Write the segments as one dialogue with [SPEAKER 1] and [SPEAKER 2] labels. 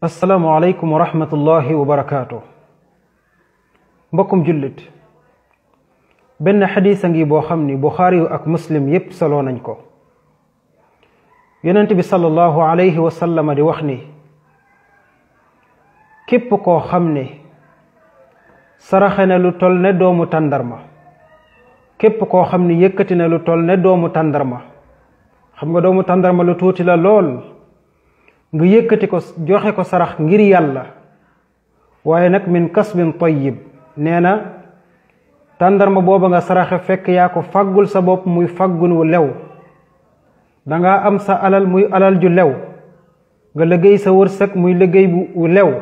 [SPEAKER 1] asalaamualeykum wa rahmatullahi wa barakaatu mbokkum jullit benn xadis ngi boo xam ni buxaari yu ak muslim yépp soloo nañ ko yonent bi sallallahu alayhi wa sallama di wax ni képp koo xam ni saraxe na lu toll ne doomu tàndarma képp koo xam ni yëkkati na lu toll ne doomu tàndarma xam nga doomu tàndarma lu tuuti la lool nga yëkkati ko joxe ko sarax ngir yàlla waaye nag min kasbin tayyib nee na tàndarma booba nga saraxe fekk yaa ko fàggul sa bopp muy fàggul wu lew danga am sa alal muy alal ju lew nga liggéey sa wërsëg muy liggéey bu lew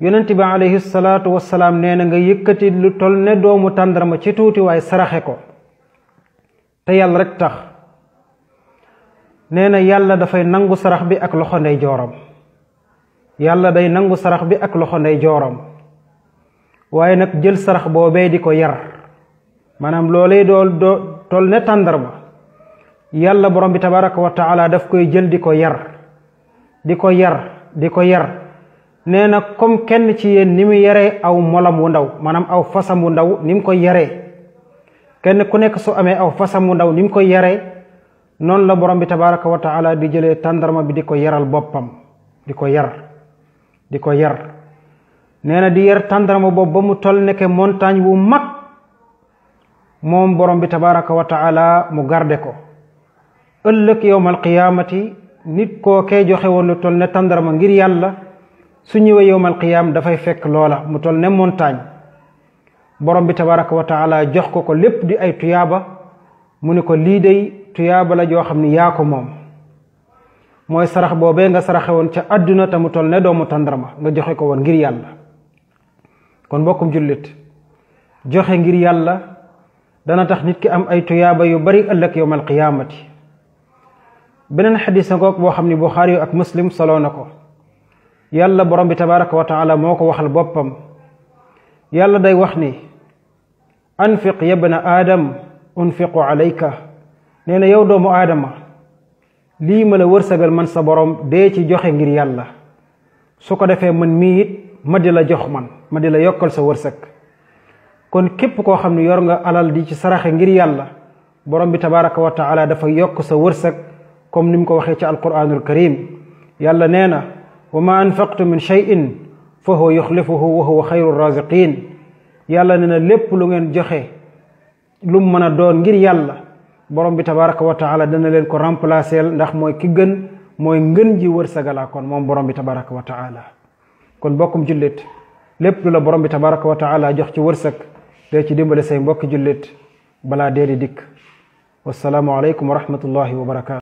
[SPEAKER 1] yonent bi alayhi salaatu wasalaam nee na nga yëkkati lu tol ne doomu tàndarma ci tuuti waaye saraxe ko te yàlla rek tax nee na yàlla dafay nangu sarax bi ak loxo ndey yàlla day nangu sarax bi ak loxo ndey waaye nag jël sarax boobee di ko yar maanaam loolee dool doo toll ne tàndarma yàlla borom bi tabaraka wa taala daf koy jël di ko yar di ko yar di ko yar nee na comme kenn ci yéen ni mu yaree aw molam wu ndaw maanaam aw fasam wu ndaw ni mu koy yaree kenn ku nekk su amee aw fasam wu ndaw ni mu koy yaree noonu la borom bi tabaraka wa taala di jëlee tàndarma bi di ko yaral boppam di ko yar di ko yar nee na di yar tàndarma boobu ba mu toll nekke montagne wu mag moom borom bi tabaraka wa taala mu garde ko ëllëg yowmal qiyaamati nit koo kee joxe woon lu toll ne tàndarma ngir yàlla su ñëwee yowmal qiyaam dafay fekk loola mu toll ne montagne borom bi tabaraka wa taala jox ko ko lépp di ay tuyaaba mu ne ko lii day tuyaaba joo xam ne yaa ko moom mooy sarax boobee nga saraxe woon ca àdduna te mu toll ne doomu tàndarma nga joxe ko woon ngir yàlla kon mbokkum jullit joxe ngir yàlla dana tax nit ki am ay tuyaaba yu bari ëllëg yowmal qiyaamati beneen xadis na ngoog boo xam ni buxaari ak muslim soloo na ko yàlla borom bi tabaraka wa taala moo ko waxal boppam yàlla day wax ni anfiq yabna aadam unfiqu alayka nee na yow doomu aadama lii ma la wërsëgal man sa borom dee ci joxe ngir yàlla su ko defee man mii it ma di la jox man ma di la yokkal sa wërsëg kon képp koo xam ne yor nga alal di ci saraxe ngir yàlla borom bi tabaraka wa taala dafa yokk sa wërsëg comme ni mu ko waxee ci alquranul karim yàlla nee na wa ma anfaqtu min cheyin fa huwa yuxlifuhu wa huwa xayru raziqin yàlla nee na lépp lu ngeen joxe lu mu mën a doon ngir yàlla borom bi tabaraka wa taala dana leen ko remplacer ndax mooy ki gën mooy ngën ji wërsëgalaa kon moom borom bi tabaraka wa taala kon bokkum jullit lépp lu la borom bi tabaraka wa taala jox ci wërsëg dee ci dimbale say mbokki jullit balaa dee di dikk wasalaamu aleykum wa rahmatullahi wa barakaatu